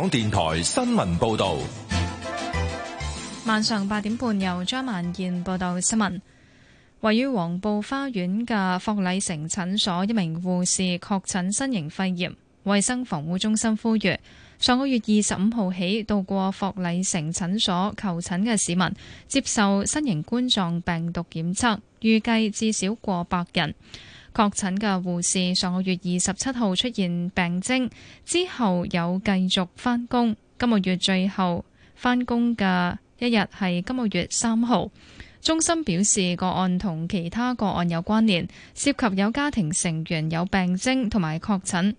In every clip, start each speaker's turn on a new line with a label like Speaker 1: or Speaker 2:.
Speaker 1: 港電台新聞報道：
Speaker 2: 晚上八點半，由張曼燕報道新聞。 位於黃埔花園嘅霍禮成診所，一名護士確診新型肺炎。衛生防護中心呼籲，上個月二十五號起到過霍禮成診所求診嘅市民，接受新型冠狀病毒檢測，預計至少過百人。確診嘅護士上個月二十七號出現病徵，之後有繼續返工。今個月最後返工嘅一日係今個月三號。中心表示個案同其他個案有關聯，涉及有家庭成員有病徵同埋確診。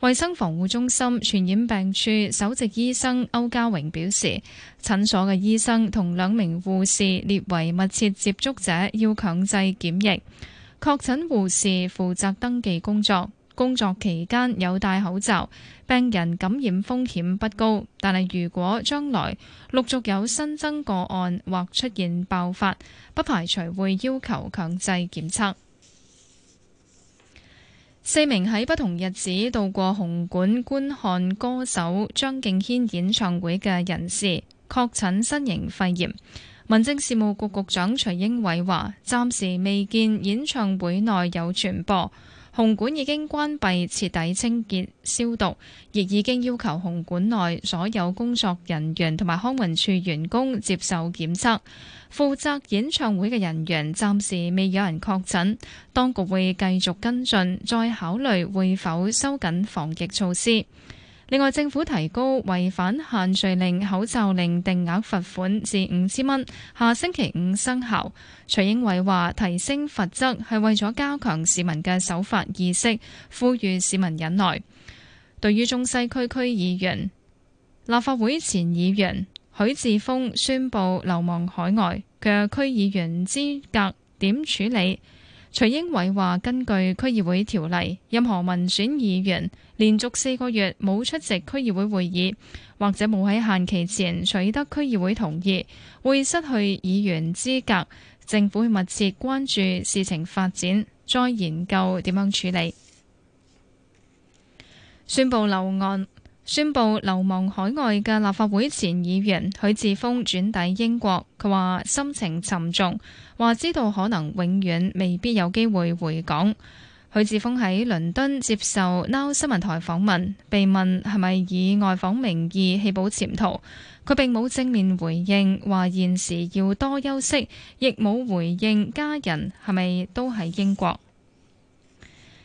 Speaker 2: 衛生防護中心傳染病處首席醫生歐家榮表示，診所嘅醫生同兩名護士列為密切接觸者，要強制檢疫。確診護士負責登記工作，工作期間有戴口罩，病人感染風險不高。但係如果將來陸續有新增個案或出現爆發，不排除會要求強制檢測。四名喺不同日子到過紅館觀看歌手張敬軒演唱會嘅人士確診新型肺炎。民政事務局局長徐英偉話，暫時未見演唱會內有傳播，紅館已經關閉徹底清潔消毒，亦已經要求紅館內所有工作人員同埋康文署員工接受檢測。負責演唱會嘅人員暫時未有人確診，當局會繼續跟進，再考慮會否收緊防疫措施。另外，政府提高違反限聚令、口罩令定額罰款至五千蚊，下星期五生效。徐英偉話，提升罰則係為咗加強市民嘅守法意識，呼籲市民忍耐。對於中西區區議員、立法會前議員許智峰宣布流亡海外嘅區議員資格點處理？徐英偉話，根據區議會條例，任何民選議員連續四個月冇出席區議會會議，或者冇喺限期前取得區議會同意，會失去議員資格。政府會密切關注事情發展，再研究點樣處理。宣佈留案。宣布流亡海外嘅立法會前議員許智峰轉抵英國，佢話心情沉重，話知道可能永遠未必有機會回港。許智峰喺倫敦接受 now 新聞台訪問，被問係咪以外訪名義棄保潛逃，佢並冇正面回應，話現時要多休息，亦冇回應家人係咪都喺英國。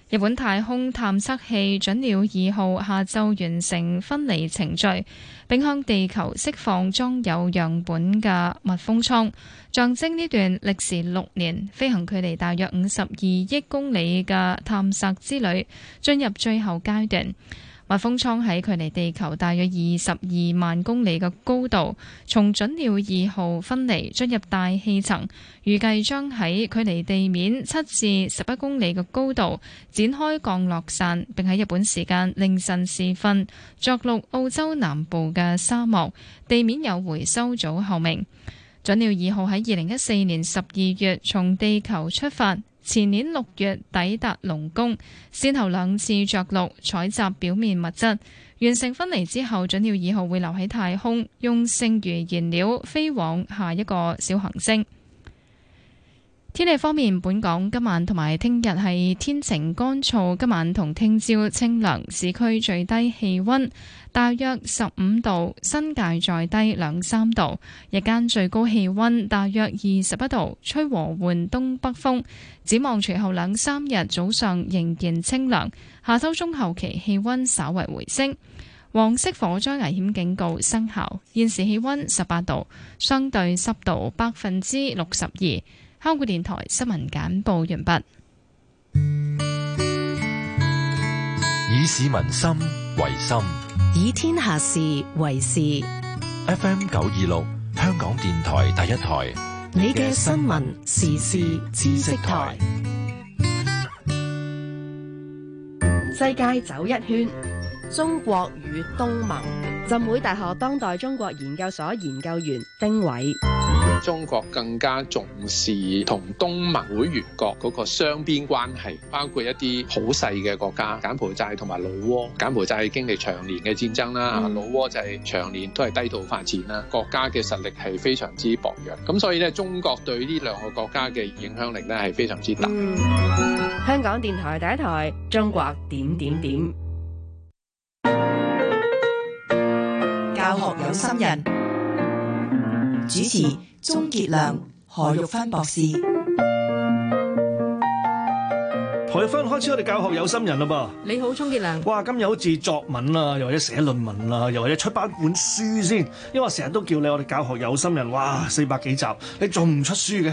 Speaker 2: 日本太空探測器隼鳥二號下晝完成分離程序，並向地球釋放裝有樣本嘅密封艙，象徵呢段歷時六年、飛行距離大約五十二億公里嘅探索之旅進入最後階段。密封艙喺距離地球大約二十二萬公里嘅高度，從準鳥二號分離，進入大氣層，預計將喺距離地面七至十一公里嘅高度展開降落傘，並喺日本時間凌晨時分著陸澳洲南部嘅沙漠地面，有回收組後明。準鳥二號喺二零一四年十二月從地球出發。前年六月抵達龍宮，先後兩次着陸採集表面物質，完成分離之後，隼鳥二號會留喺太空，用剩餘燃料飛往下一個小行星。天氣方面，本港今晚同埋聽日係天晴乾燥。今晚同聽朝清涼，市區最低氣溫大約十五度，新界再低兩三度。日間最高氣溫大約二十一度，吹和緩東北風。展望隨後兩三日早上仍然清涼，下周中後期氣溫稍為回升。黃色火災危險警告生效，現時氣溫十八度，相對濕度百分之六十二。香港電台新聞簡報完畢，
Speaker 1: 以市民心為心，
Speaker 2: 以天下事為事。
Speaker 1: FM 九二六，香港電台第一台，
Speaker 2: 你嘅新
Speaker 1: 聞時事知識台。
Speaker 2: 世界走一
Speaker 3: 圈，中國與東盟。浸會大學當代中國研究所研
Speaker 1: 究員丁偉。中國更加重視同東盟會員國嗰個雙邊關係，包括一啲好細嘅國家，柬埔寨同埋老撾，柬埔寨經歷長年嘅戰爭啦，老撾就係長年都係低度發展啦，國家嘅實力係非常之薄弱，咁所以呢，中國對呢兩個國家嘅影響力呢係非常之大。
Speaker 3: 香港電台第一台《中國點點點》，教學有心人。主持鍾杰良、何玉芬博士。
Speaker 4: 何玉芬，開始我哋教學有心人啦噃。
Speaker 3: 你好，鍾杰良。哇，
Speaker 4: 今日好似作文啊，又或者寫論文啦，啊，又或者出版本書先。因為我成日都叫你我哋教學有心人，哇，四百幾集，你仲唔出書嘅？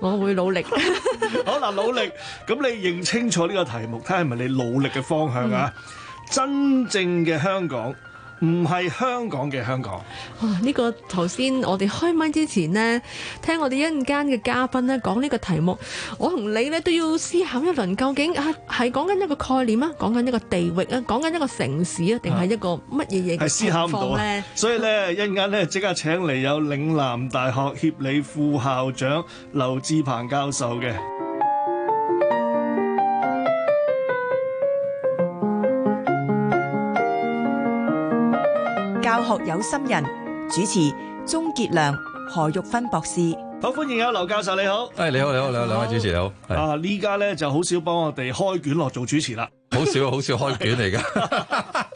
Speaker 3: 我會努力。
Speaker 4: 好啦，努力。咁 你認清楚呢個題目，睇下係咪你努力嘅方向啊。嗯、真正嘅香港。唔係香港嘅香港
Speaker 3: 啊！呢個頭先我哋開麥之前呢，聽我哋一陣間嘅嘉賓咧講呢個題目，我同你咧都要思考一輪，究竟啊係講緊一個概念啊，講緊一個地域啊，講緊一個城市啊，定係一個乜嘢嘢？係思考唔到
Speaker 4: 啊！所以咧一陣間咧即刻請嚟有嶺南大學協理副校長劉志鵬教授嘅。
Speaker 2: 教學有心人
Speaker 3: 主持
Speaker 1: 鍾杰良何玉芬博士，
Speaker 4: 好歡迎有劉教授你好，誒你好你好你好兩位主持你好，啊呢家咧就好少幫我哋開卷落做主持啦，好少好少開卷嚟㗎。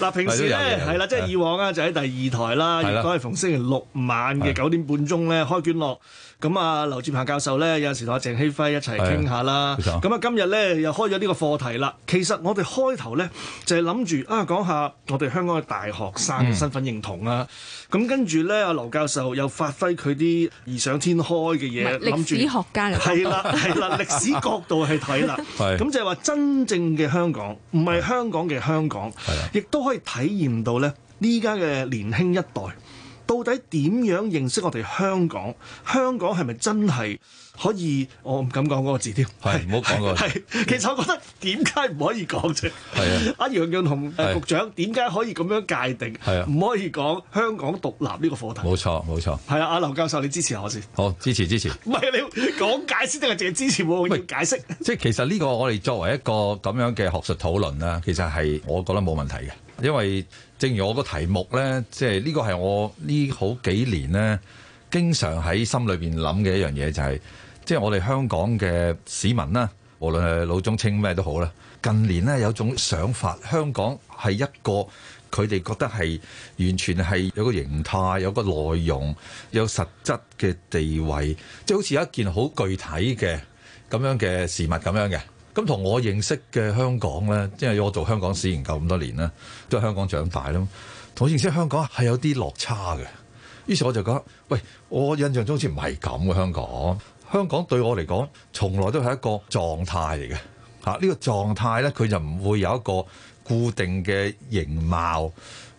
Speaker 4: 嗱，平時咧係啦，即係以往啊，就喺第二台啦，亦都係逢星期六晚嘅九點半鐘咧開卷樂。咁啊，劉志鵬教授咧有陣時同阿鄭希輝一齊傾下啦。咁啊，今日咧又開咗呢個課題啦。其實我哋開頭咧就係諗住啊，講下我哋香港嘅大學生嘅身份認同啦。咁跟住咧，阿劉教授又發揮佢啲異想天開嘅嘢，諗住歷史學家嘅係啦係啦，歷史角度去睇啦。咁就係話真正嘅香港唔係香港嘅香港。亦都可以體驗到咧，呢家嘅年輕一代。到底點樣認識我哋香港？香港係咪真係可以？我唔敢講嗰個字添，係唔好講嗰個。其實我覺得點解唔可以講啫？係啊，阿楊潤雄局長點解可以咁樣界定？係啊，唔可以講香港獨立呢個課題。冇錯，冇錯。係啊，阿劉教授，你支持我先。好，支持支
Speaker 1: 持。唔係你講解先定係淨係支持喎？唔係解釋。即係其實呢個我哋作為一個咁樣嘅學術討論啦，其實係我覺得冇問題嘅。因為正如我個題目咧，即係呢個係我呢好幾年咧，經常喺心裏邊諗嘅一樣嘢，就係即係我哋香港嘅市民啦，無論係老中青咩都好啦。近年咧有種想法，香港係一個佢哋覺得係完全係有個形態，有個內容、有實質嘅地位，即係好似一件好具體嘅咁樣嘅事物咁樣嘅。咁同我認識嘅香港咧，即係我做香港史研究咁多年咧，都喺香港長大啦。同我認識香港係有啲落差嘅。於是我就覺得，喂，我印象中好似唔係咁嘅香港。香港對我嚟講，從來都係一個狀態嚟嘅。嚇，呢個狀態咧，佢就唔會有一個固定嘅形貌，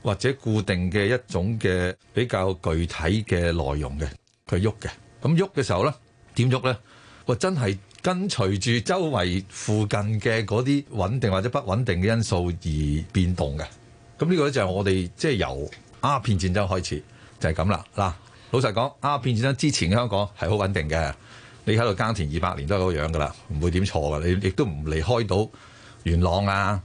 Speaker 1: 或者固定嘅一種嘅比較具體嘅內容嘅。佢喐嘅。咁喐嘅時候咧，點喐咧？我真係。跟隨住周圍附近嘅嗰啲穩定或者不穩定嘅因素而變動嘅，咁呢個呢就係我哋即係由鴉片戰爭開始就係咁啦。嗱，老實講，鴉片戰爭之前香港係好穩定嘅，你喺度耕田二百年都係嗰樣㗎啦，唔會點錯㗎，你亦都唔離開到元朗啊。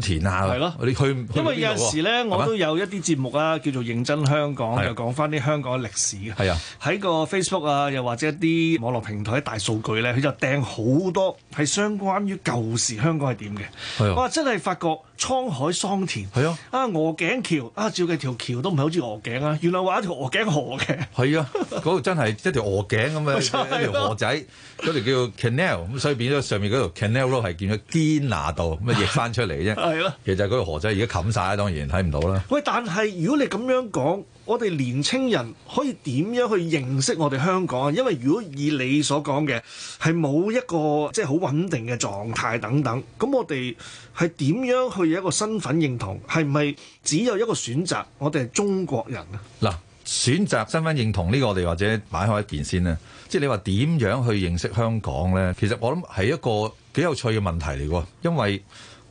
Speaker 1: 填下啊，係咯，的你去，去因為有陣時咧，嗎我都
Speaker 4: 有一啲節目啦，啊，叫做認真香港，的就講翻啲香港嘅歷史嘅。係啊的，喺個 Facebook 啊，又或者一啲網絡平台大數據咧，佢就掟好多係相關於舊時香港係點嘅。哇的，我真係發覺～滄海桑田係啊，啊鵝頸橋啊，照嘅條橋都唔係好似鵝頸啊，原來話一條鵝頸河
Speaker 1: 嘅係啊，嗰度 真係一條鵝頸咁樣、 啊、一條河仔，嗰條叫 canal，咁所以變咗上面嗰條 canal road，係變咗堅拿道，咁啊譯翻出嚟啫，係咯、啊，啊、其實嗰條河仔而家冚晒，當然睇唔到啦。
Speaker 4: 喂，但係如果你咁樣講。我哋年青人可以點樣去認識我哋香港？因為如果以你所講嘅係冇一個即係好穩定嘅狀態等等，咁我哋係點樣去一個身份認同？係咪只有一個選擇？我哋係中國人啊！
Speaker 1: 嗱，選擇身份認同呢個我哋或者擺開一件先啊。即係你話點樣去認識香港呢？其實我諗係一個幾有趣嘅問題嚟嘅，因為。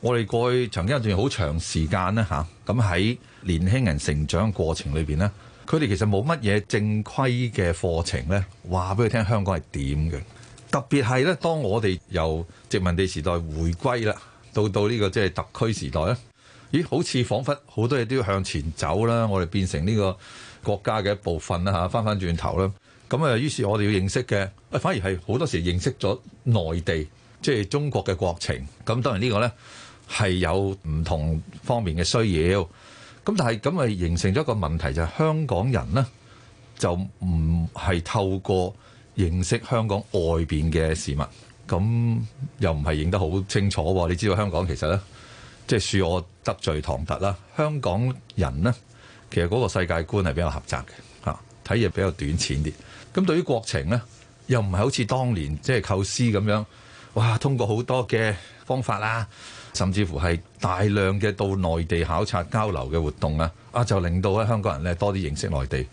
Speaker 1: 我哋過去曾經一段好長時間呢嚇，咁喺年輕人成長過程裏邊呢，佢哋其實冇乜嘢正規嘅課程呢，話俾佢聽香港係點嘅。特別係呢，當我哋由殖民地時代回歸啦，到到呢個即係特區時代咧，咦？好似彷彿好多嘢都要向前走啦，我哋變成呢個國家嘅一部分啦嚇，翻、啊、翻轉頭啦。咁啊，於是我哋要認識嘅，反而係好多時認識咗內地，即係中國嘅國情。咁當然呢個呢，係有唔同方面嘅需要，咁但係咁咪形成咗一個問題，就係、是、香港人呢，就唔係透過認識香港外邊嘅事物，咁又唔係認得好清楚、哦。你知道香港其實呢，即係恕我得罪唐突啦。香港人呢，其實嗰個世界觀係比較狹窄嘅吓，睇嘢比較短淺啲。咁對於國情呢，又唔係好似當年即係構思咁樣，哇！通過好多嘅方法啦。甚至乎係大量嘅到內地考察交流嘅活動啊，啊就令到咧香港人咧多啲認識內地，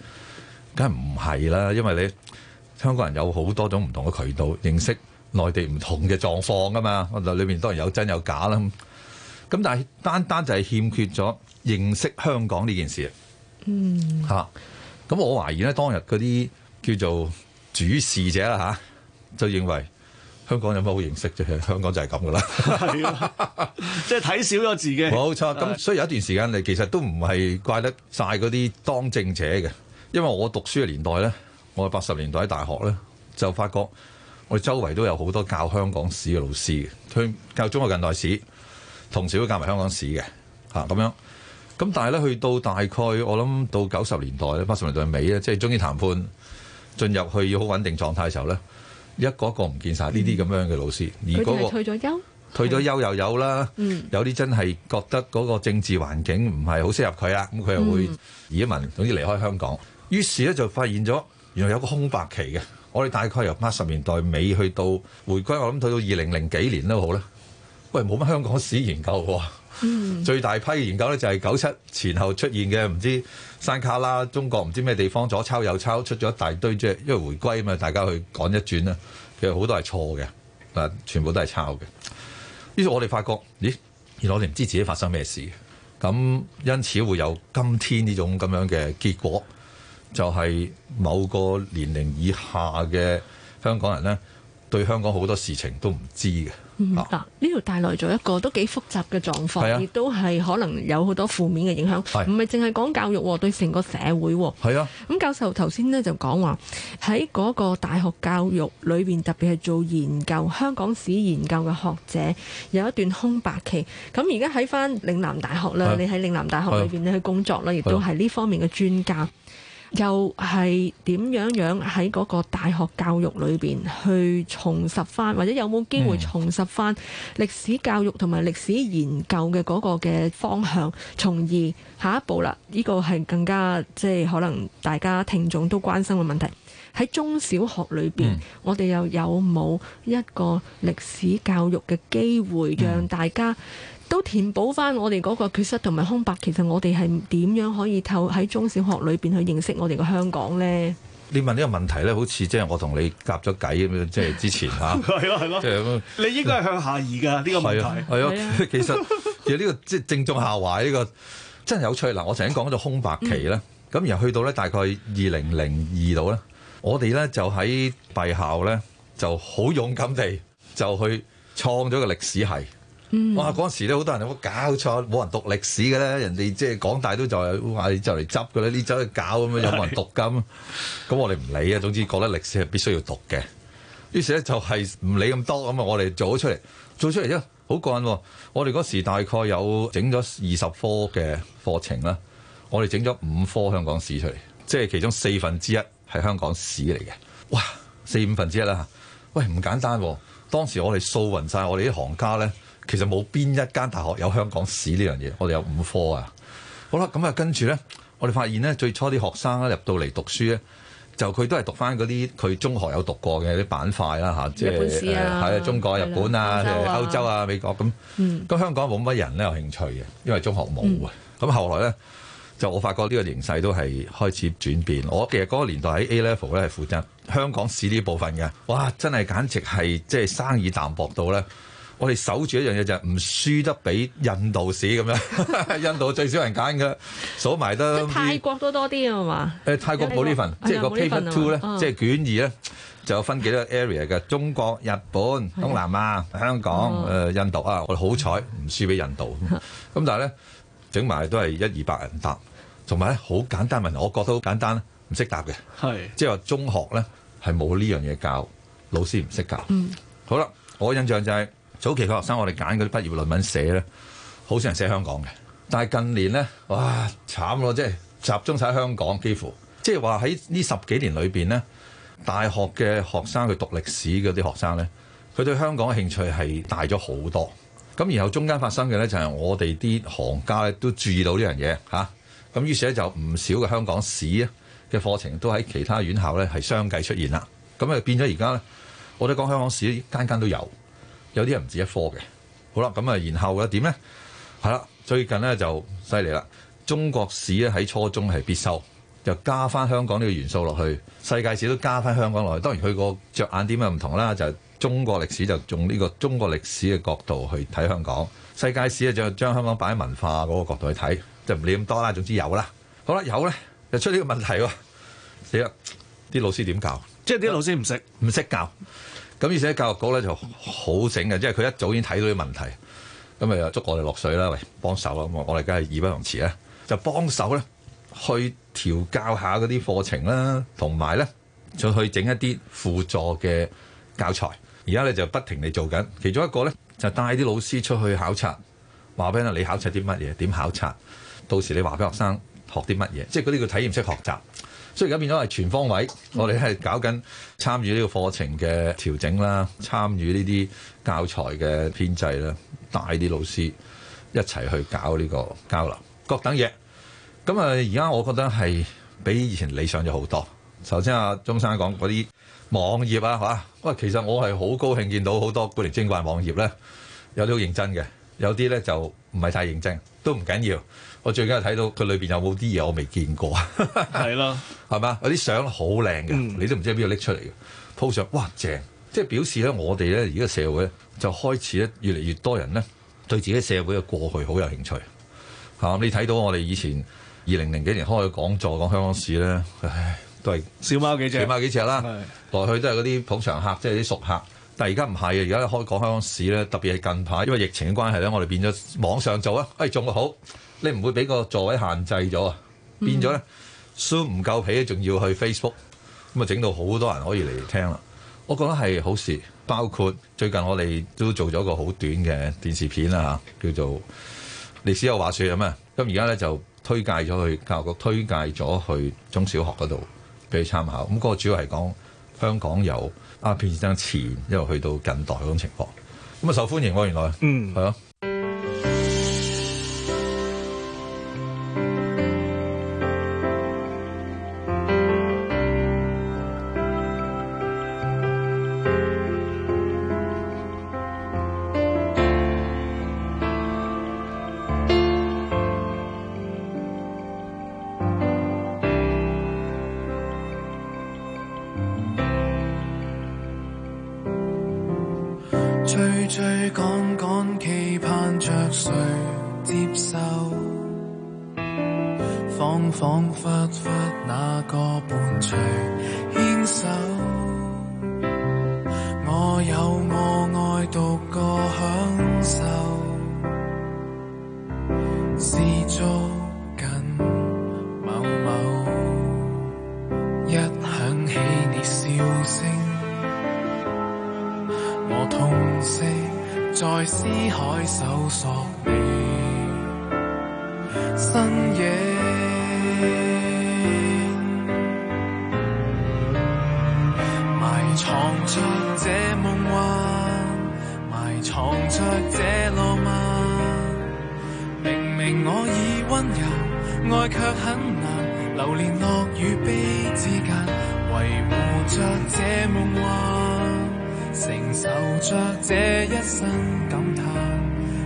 Speaker 1: 梗係唔係啦？因為你香港人有好多種唔同嘅渠道認識內地唔同嘅狀況噶嘛，裏面當然有真有假啦。咁但係單單就係欠缺咗認識香港呢件事。嗯，嚇、啊，咁我懷疑咧當日嗰啲叫做主事者啦嚇、啊，就認為。香港有咩好認識啫？香港就係咁噶啦，即係睇少咗自己。 冇錯，咁所以有一段時間你其實都唔係怪得晒嗰啲當政者嘅，因為我讀書嘅年代咧，我係八十年代喺大學咧，就發覺我哋周圍都有好多教香港史嘅老師，佢教中國近代史，同時都教埋香港史嘅嚇咁樣。咁但係咧，去到大概我諗到九十年代咧，八十年代尾咧，即係終於談判進入去要好穩定狀態嘅時候咧。一個一個唔見晒呢啲咁樣嘅老師，而嗰、嗰個退咗休，退咗休又有啦。的有啲真係覺得嗰個政治環境唔係好適合佢啦，咁佢、嗯、又會移民，總之離開香港。於是咧就發現咗，原來有個空白期嘅。我哋大概由八十年代尾去到回歸，我諗退到二零零幾年都好咧。喂，冇乜香港史研究喎、啊。最大批研究咧就係九七前後出現嘅，唔知山卡啦，中國唔知咩地方左抄右抄出咗一大堆即係，因為回歸啊嘛，大家去趕一轉啦，其實好多係錯嘅，嗱，全部都係抄嘅。於是我哋發覺，咦，原來我哋唔知自己發生咩事，咁因此會有今天呢種咁樣嘅結果，就係某個年齡以下嘅香港人呢，對香港好多事情都唔知嘅。
Speaker 3: 呢度、嗯、帶來咗一個都幾複雜嘅狀況，亦、啊、都係可能有好多負面嘅影響。唔係淨係講教育喎，對成個社會喎。啊。咁教授頭先呢就講話喺嗰個大學教育裏邊，特別係做研究香港史研究嘅學者有一段空白期。咁而家喺翻嶺南大學咧，啊、你喺嶺南大學裏邊你去工作咧，亦都係呢方面嘅專家。又係點樣樣喺嗰個大學教育裏邊去重拾翻，或者有冇機會重拾翻歷史教育同埋歷史研究嘅嗰個嘅方向，從而下一步啦，呢、這個係更加即係可能大家聽眾都關心嘅問題。喺中小學裏邊，嗯、我哋又有冇一個歷史教育嘅機會，讓大家？都填補翻我哋嗰個缺失同埋空白。其實我哋係點樣可以透喺中小學裏邊去認識我哋嘅香港咧？
Speaker 1: 你問呢個問題咧，好似即係我同你夾咗計咁樣，即係之前嚇。係咯係咯，你應該係向下移㗎呢個問題。係 啊、這個， 其實 其實呢、這個即係正，正中下懷呢、這個真係有趣嗱。我曾經講過空白期咧，咁而 去到咧大概二零零二度咧，我哋咧就喺敝校咧就好勇敢地就去創咗個歷史系。嗯、哇！嗰時咧，好多人有冇搞錯，冇人讀歷史嘅咧。人哋即係港大都就係話就嚟執嘅咧，呢走去搞咁樣，有冇人讀咁？咁是我哋唔理啊。總之覺得歷史係必須要讀嘅。於是咧就係唔理咁多咁啊，我哋做咗出嚟，做出嚟咧好過癮喎、哦。我哋嗰時大概有整咗二十科嘅課程啦，我哋整咗五科香港史出嚟，即係其中四分之一係香港史嚟嘅。哇，四五分之一啦、啊、喂，唔簡單喎、哦。當時我哋掃勻晒我哋啲行家咧。其實冇邊一間大學有香港史呢樣嘢，嗯、我哋有五科啊。好啦，咁、嗯、啊，跟住呢，我哋發現呢，最初啲學生咧入到嚟讀書呢，就佢都係讀返嗰啲佢中學有讀過嘅啲板塊啦吓、啊，即係、啊嗯、中國、日本啊、洲啊歐洲啊、美國咁。嗯。嗯咁香港冇乜人呢有興趣嘅，因為中學冇啊。咁、嗯嗯、後來呢，就我發覺呢個形勢都係開始轉變。我其實嗰個年代喺 A level 咧係負責香港史呢部分嘅，哇！真係簡直係即係生意、淡薄，生意淡薄到呢。我哋守住一樣嘢就係唔輸得俾印度屎咁樣， 印度最少人揀嘅，數埋得，泰
Speaker 3: 國都多啲啊嘛。
Speaker 1: 誒泰國冇呢份，哎、呀即係個 Paper Two 咧呢，哦、即係卷二咧就有分幾多 area 嘅，中國、日本、東南亞、香港、誒、哦呃、印度啊，我哋好彩唔輸俾印度。咁、嗯、 但係咧整埋都係一二百人答，同埋咧好簡單問題，我覺得好簡單，唔識答嘅。係即係話中學咧係冇呢樣嘢教，老師唔識教。嗯、好啦，我印象就係、是。早期嘅學生，我哋揀嗰啲畢業論文寫咧，好少人寫香港嘅。但係近年咧，哇，慘咯，即係集中曬喺香港，幾乎即係話喺呢十幾年裏邊咧，大學嘅學生去讀歷史嗰啲學生咧，佢對香港嘅興趣係大咗好多。咁然後中間發生嘅咧，就係我哋啲行家都注意到呢樣嘢嚇。咁、啊、於是咧就唔少嘅香港史啊嘅課程都喺其他院校咧係相繼出現啦。咁啊變咗而家，我哋講香港史間間都有。有啲人唔止一科嘅，好啦，咁啊，然後咧點呢？係啦，最近呢就犀利啦，中國史咧喺初中係必修，就加翻香港呢個元素落去，世界史都加翻香港落去。當然佢個着眼點又唔同啦，就是、中國歷史就用呢個中國歷史嘅角度去睇香港，世界史就將香港擺喺文化嗰個角度去睇，就唔理咁多啦。總之有啦，好啦，有咧就出呢個問題喎，死啦！啲老師點教？即係啲老師唔識，唔識教。咁而且教育局咧就好醒嘅，即係佢一早已經睇到啲問題，咁咪又捉我哋落水啦，喂，幫手啦，咁我我哋梗係義不容辭啦，就幫手咧去調教下嗰啲課程啦，同埋咧再去整一啲輔助嘅教材，而家咧就不停地做緊，其中一個咧就帶啲老師出去考察，話俾你考察啲乜嘢，點考察，到時你話俾學生學啲乜嘢，即係嗰啲叫體驗式學習。所以而家變咗係全方位，我哋係搞緊參與呢個課程嘅調整啦，參與呢啲教材嘅編製啦，帶啲老師一齊去搞呢個交流各等嘢。咁啊，而家我覺得係比以前理想咗好多。首先啊，鍾生講嗰啲網頁啊，嚇，喂，其實我係好高興見到好多古靈精怪網頁咧，有啲好認真嘅，有啲咧就唔係太認真，都唔緊要。我最緊要睇到佢裏邊有冇啲嘢，我未見過 是的。係咯，係嘛？嗰啲相好靚嘅，你都唔知喺邊度拎出嚟嘅鋪上哇正，即係表示咧。我哋咧而家社會咧就開始咧越嚟越多人咧對自己社會嘅過去好有興趣嚇、嗯。你睇到我哋以前二零零幾年開去講座講香港史咧，唉，都係小貓幾隻，幾貓幾隻啦，的來去都係嗰啲捧場客，即係啲熟客。但係而家唔係啊，而家開講香港史咧，特別係近排，因為疫情嘅關係咧，我哋變咗網上做啊，哎呀，仲好。你唔會俾個座位限制咗啊？變咗咧，Zoom 唔夠皮，仲要去 Facebook，咁啊整到好多人可以嚟聽啦。我覺得係好事。包括最近我哋都做咗個好短嘅電視片啦嚇、啊，叫做《歷史有話説》咁咩》。咁而家咧就推介咗去教育局，推介咗去中小學嗰度俾佢參考。咁、那、嗰個主要係講香港由啊平時爭前一路去到近代嗰種情況。咁啊受歡迎喎、啊，原來嗯係、mm。啊。
Speaker 5: 思海搜索你身影，埋藏着這夢幻，埋藏着這浪漫。明明我已温柔，愛卻很難。流連樂與悲之間，維護着這夢幻。承受着這一生感嘆，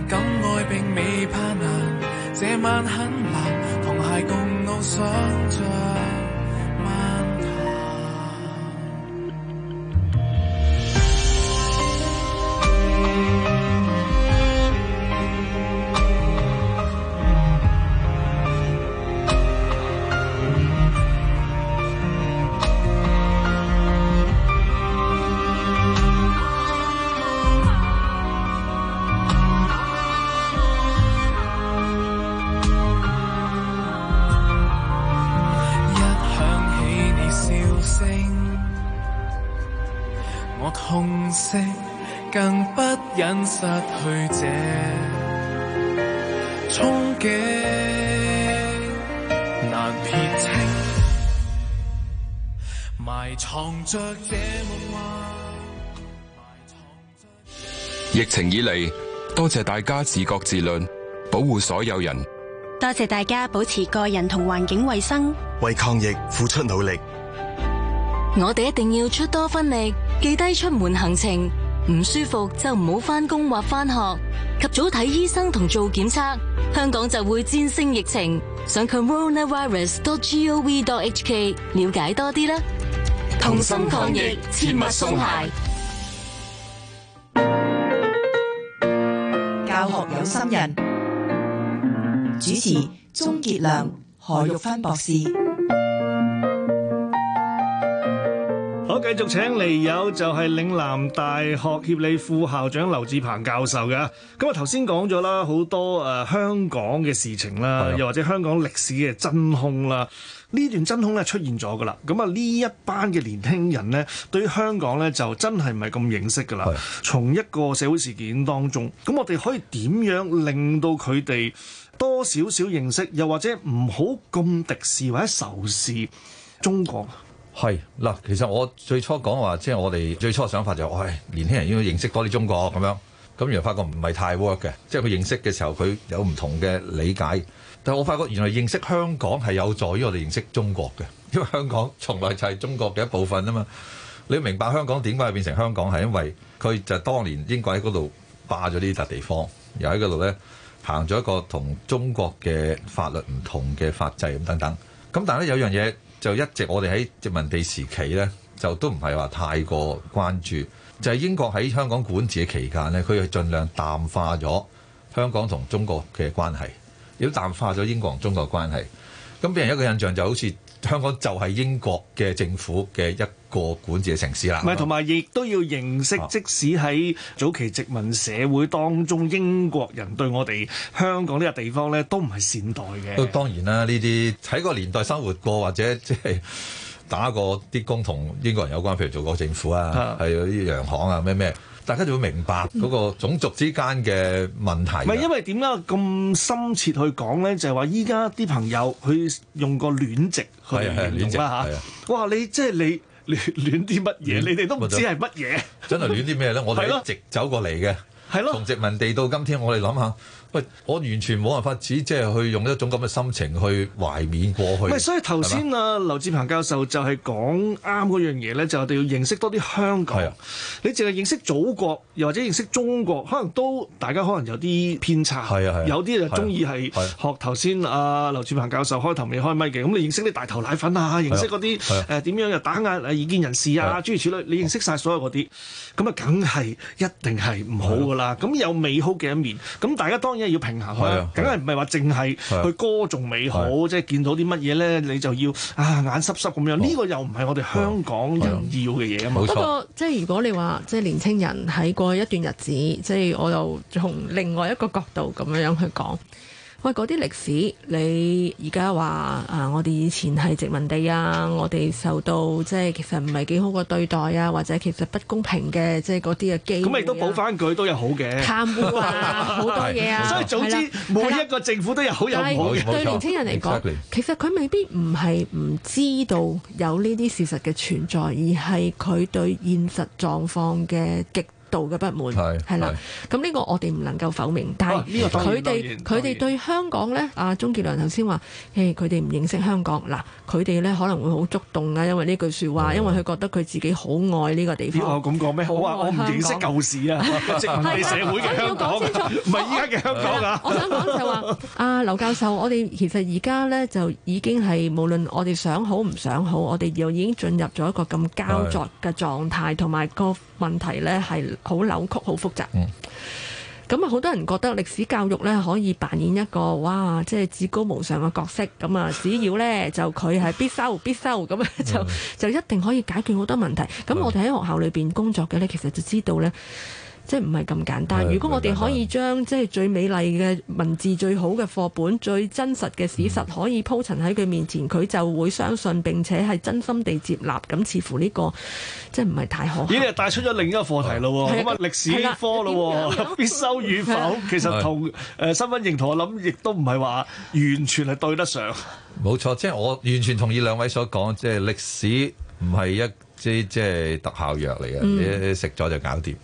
Speaker 5: 敢愛並未怕難，這晚很難，同鞋共我想象。
Speaker 1: 疫情以嚟，多謝大家自覺自律，保護所有人。
Speaker 3: 多謝大家保持個人同環境衛生，
Speaker 1: 為抗疫付出努力。
Speaker 3: 我哋一定要出多分力，記低出門行程，唔舒服就唔好翻工，或翻學，及早睇醫生同做檢測，香港就會戰勝疫情。上 coronavirus.gov.hk 了解多啲啦。
Speaker 5: 同心抗疫，切勿鬆懈。
Speaker 3: 學有心人，主持鍾杰亮、何玉芬博士。
Speaker 4: 好，繼續請嚟有就係嶺南大學協理副校長劉志鵬教授嘅。咁我，頭先講咗啦，好多誒香港嘅事情啦，又或者香港歷史嘅真空啦。呢段真空咧出現咗噶啦，咁啊呢一班嘅年輕人咧，對於香港咧就真係唔係咁認識噶啦。從是一個社會事件當中，咁我哋可以點樣令到佢哋多少少
Speaker 1: 認識，又或者唔好咁敵視或者仇視中國？係嗱，其實我最初講話，即係我哋最初嘅想法就係，哎，年輕人應該認識多啲中國咁樣。咁原來發覺唔係太 work 嘅，即係佢認識嘅時候，佢有唔同嘅理解。但我發覺原來認識香港係有助於我哋認識中國嘅，因為香港從來就係中國嘅一部分啊嘛。你明白香港點解變成香港，係因為佢就當年英國喺嗰度霸咗呢笪地方，又喺嗰度呢行咗一個同中國嘅法律唔同嘅法制咁等等。咁但係咧有樣嘢就一直我哋喺殖民地時期呢，就都唔係話太過關注，就係英國喺香港管治嘅期間呢，佢係盡量淡化咗香港同中國嘅關係。亦都淡化咗英國同中國嘅關係，咁俾人一個印象就好似香港就係英國嘅政府嘅一個管治嘅城市啦。唔係，同
Speaker 4: 埋亦都要認識，啊、即使喺早期殖民社會當中，英國人對我哋香港呢個地方呢都唔係善待嘅。都當
Speaker 1: 然啦，呢啲喺個年代生活過或者即係打過啲工同英國人有關，譬如做過政府啊，係有啲洋行啊，咩咩。大家就會明白嗰個種族之間嘅問題。唔係、嗯、因
Speaker 4: 為點解咁深切去講咧？就係話依家啲朋友去用個亂籍去形容啦嚇。哇！你即
Speaker 1: 係你亂亂啲乜嘢？你哋、嗯、都唔知係乜
Speaker 4: 嘢。真係亂啲咩咧？我哋一直
Speaker 1: 走過嚟嘅。係咯的，從殖民地到今天，我哋諗下。喂，我完全冇辦法只即係去用一種咁嘅心情去懷緬過去。所以頭先
Speaker 4: 啊，劉志鵬教授就係講啱嗰樣嘢咧，就我哋要認識多啲香港。係啊，你淨係認識祖國又或者認識中國，可能都大家可能有啲偏差。係有啲就中意係學頭先啊劉志鵬教授開頭未開咪嘅，咁你認識啲大頭奶粉啊，認識嗰啲誒點樣又打壓異見人士啊，諸如此類，你認識晒所有嗰啲，咁啊梗係一定係唔好噶啦。咁有美好嘅一面，咁大家當。因為要平衡佢，梗係唔係話淨係去歌頌美好，啊、即係見到啲乜嘢咧，你就要啊眼濕濕咁樣。呢、哦、個又唔係我哋香港人要嘅嘢啊，冇、啊、嘛錯不過
Speaker 3: 即係如果你話即係年青人喺過去一段日子，即係我又從另外一個角度咁樣樣去講。喂，嗰啲歷史你而家話啊，我哋以前係殖民地啊，我哋受到即係其實唔係幾好個對待啊，或者其實不公平嘅即係嗰啲嘅機會、啊。咁
Speaker 4: 亦都補翻佢都有好嘅。貪污好多嘢啊。所以總之啦每一個政府都有好有唔好對。
Speaker 3: 就是、對年輕人嚟講，錯其實佢未必唔係唔知道有呢啲事實嘅存在，而係佢對現實狀況嘅極。度嘅不滿係係啦，咁呢個我哋唔能夠否認，但係佢哋，佢哋對香港呢，阿鍾傑良頭先話：，誒佢哋唔認識香港，嗱，佢哋呢可能會好觸動啦，因為呢句説話，因為佢覺得佢自己好愛呢個地方。邊有咁講咩？我話我唔認識舊時啊，係社會嘅香港。唔係依家嘅香港啊！我想講就話，阿劉教授，我哋其實而家呢，就已經係無論我哋想好唔想好，我哋又已經進入咗一個咁膠着嘅狀態，同埋個問題呢係。好扭曲，好複雜。咁啊，好 多人覺得歷史教育呢可以扮演一個哇，即係至高無上嘅角色。咁啊，只要呢就佢係必修， 必修咁樣就就一定可以解決好多問題。咁我哋喺學校裏邊工作嘅呢，其實就知道呢。即係唔係咁簡單。如果我哋可以將即係最美麗嘅文字、最好嘅課本、最真實嘅史實，可以鋪陳喺佢面前，佢、嗯、就會相信並且係真心地接納。咁似乎呢、呢個即係唔係太可。咦？你
Speaker 4: 又帶出咗另一個課題咯，咁啊的歷史科咯，必修與否？的其實是的、呃、同誒身份認同，我諗亦都唔係話
Speaker 1: 完全係對得上。冇、嗯、錯，即係我完全同意兩位所講，即係歷史唔係一即即係特效藥嚟嘅，食咗、嗯、就搞掂。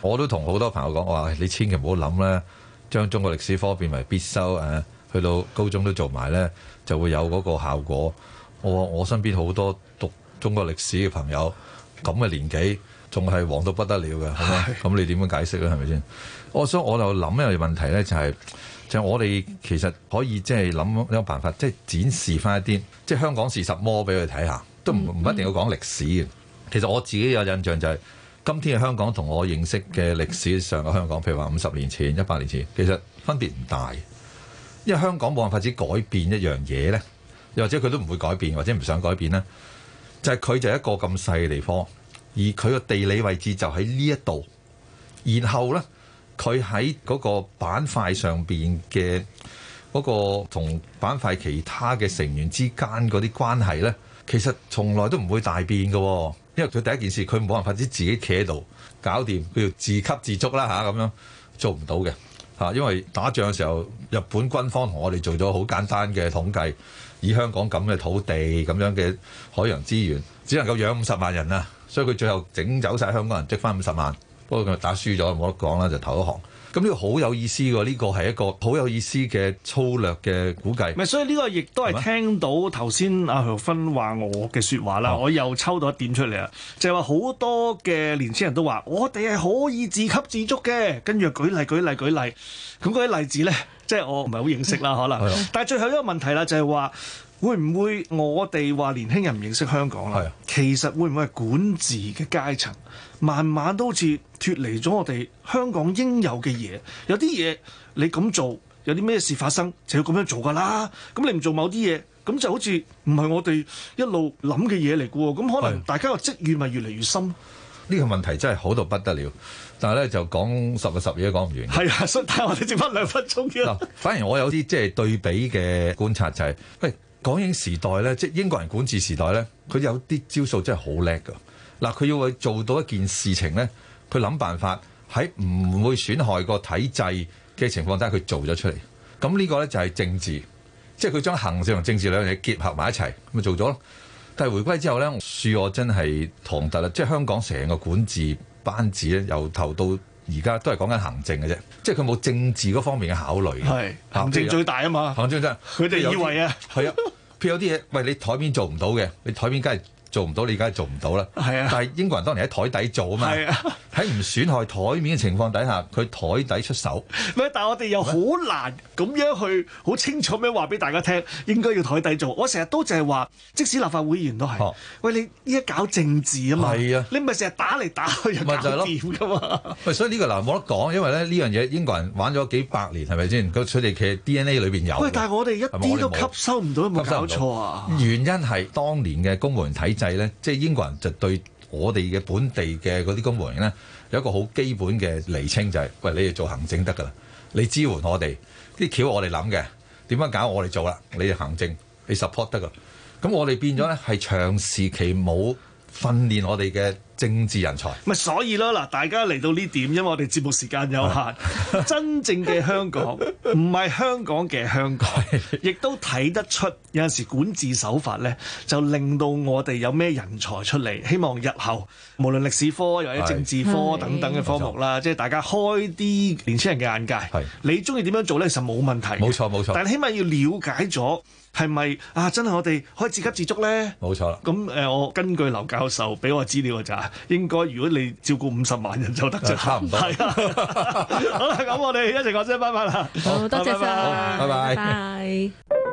Speaker 1: 我都同好多朋友講，我、哦、話你千祈唔好諗呢，將中國歷史科變為必修，誒、啊，去到高中都做埋呢，就會有嗰個效果。我、哦、話我身邊好多讀中國歷史嘅朋友，咁嘅年紀仲係黃到不得了嘅，咁是、嗯、你點樣解釋咧？係咪先？我想我就諗一樣問題呢，就係、是、就是、我哋其實可以即係諗一個辦法，即、就、係、是、展示翻一啲即係香港事實魔俾佢睇下，都唔唔一定要講歷史。其實我自己有印象就係、是。今天嘅香港同我認識嘅歷史上嘅香港，譬如話五十年前、一百年前，其實分別唔大。因為香港冇辦法改變一樣嘢呢，又或者佢都唔會改變，或者唔想改變呢，就係、是、佢就一個咁細嘅地方，而佢個地理位置就喺呢一度，然後呢，佢喺嗰個板塊上邊嘅嗰個同板塊其他嘅成員之間嗰啲關係呢，其實從來都唔會大變嘅、哦。因為佢第一件事，佢冇辦法只自己企喺度搞掂，佢要自給自足啦嚇，咁樣做唔到嘅嚇、啊，因為打仗嘅時候日本軍方同我哋做咗好簡單嘅統計，以香港咁嘅土地、咁樣嘅海洋資源，只能夠養五十萬人啊，所以佢最後整走晒香港人，積翻五十萬，不過佢打輸咗冇得講啦，就投降。咁呢個好有意思喎！呢個係一個好有意思嘅粗略嘅估
Speaker 4: 計。咪所以呢個亦都係聽到頭先阿何芬話我嘅説話啦，嗎我又抽到一點出嚟啊，就係話好多嘅年青人都話我哋係可以自給自足嘅，跟住又舉例舉例舉例。咁嗰啲例子咧，即係我唔係好認識啦， 可能。的但係最後一個問題啦，就係話。會唔會我哋話年輕人唔認識香港啦？係啊其實會唔會係管治嘅階層，慢慢都好似脫離咗我哋香港應有嘅嘢。有啲嘢你咁做，有啲咩事發生就要咁樣做㗎啦。咁你唔做某啲嘢，咁就好似唔係我哋一路諗嘅嘢嚟㗎喎。咁可能
Speaker 1: 大家個積怨咪越嚟越深。呢個問題真係好到不得了，但係咧就講十日十夜都講唔完。係
Speaker 4: 啊，但係我哋剩翻兩分鐘嘅。
Speaker 1: 反而我有啲即係對比嘅觀察就係，喂。港英時代咧，即英國人管治時代咧，佢有啲招數真係好叻㗎。嗱，佢要去做到一件事情咧，佢諗辦法喺唔會損害個體制嘅情況底下，佢做咗出嚟。咁呢個呢，就係政治，即係佢將行政同政治兩樣嘢結合埋一齊，咁咪做咗咯。但係回歸之後呢，恕我真係唐突啦，即係香港成個管治班子呢，由頭到而家都係講緊行政嘅啫，即係佢冇政治嗰方面嘅考慮。係是，行政最大啊嘛。行政真係，佢哋以為啊，係啊，譬如有啲嘢， 喂，你台面做唔到嘅，你台面梗係。做唔到你梗係做唔到啦，係啊！但係英國人當年喺台底做啊嘛，喺唔、啊、損害台面嘅情況底下，佢台底出手。
Speaker 4: 咩？但係我哋又好難咁樣去好嗎清楚咁樣話俾大家聽，應該要台底做。我成日都就係話，即使立法會議員都係，啊、喂，你依家搞政治啊嘛，啊你咪成日打嚟打去又
Speaker 1: 搞掂㗎嘛。咪 所以呢、呢個難冇得講，因為咧呢樣嘢英國人玩咗幾百年係咪先？佢佢哋其實 D N A 裏邊有。喂，但係我
Speaker 4: 哋一啲都吸收唔到，有冇搞錯啊？嗯、
Speaker 1: 原因係當年嘅公務員體制咧，即係英國人就對我哋嘅本地嘅嗰啲公務員咧有一個好基本嘅釐清就係：喂，你哋做行政得㗎啦，你支援，我哋啲橋我哋諗嘅，點樣搞我哋做啦，你哋行政你 support 得㗎。咁我哋變咗咧，係長時期冇。訓練我哋嘅政治人才，
Speaker 4: 咪所以咯嗱，大家嚟到呢點，因為我哋節目時間有限，是 真正嘅香港唔係香港嘅香港，亦是都睇得出有陣時管治手法呢，就令到我哋有咩人才出嚟。希望日後無論歷史科或者政治科等等嘅科目啦，是錯即係大家開啲年青人嘅眼界。是你中意點樣做呢？其實冇問題，冇錯冇錯。錯但係起碼要了解咗。係咪啊？真係我哋可以自給自足咧？冇錯啦。咁誒，我根據劉教授俾我資料嘅咋，應該如果你照顧五十萬人就得咋，差唔多。係啊。好啦，咁我哋一齊講聲，拜拜啦。好多謝晒，拜拜，拜
Speaker 3: 拜。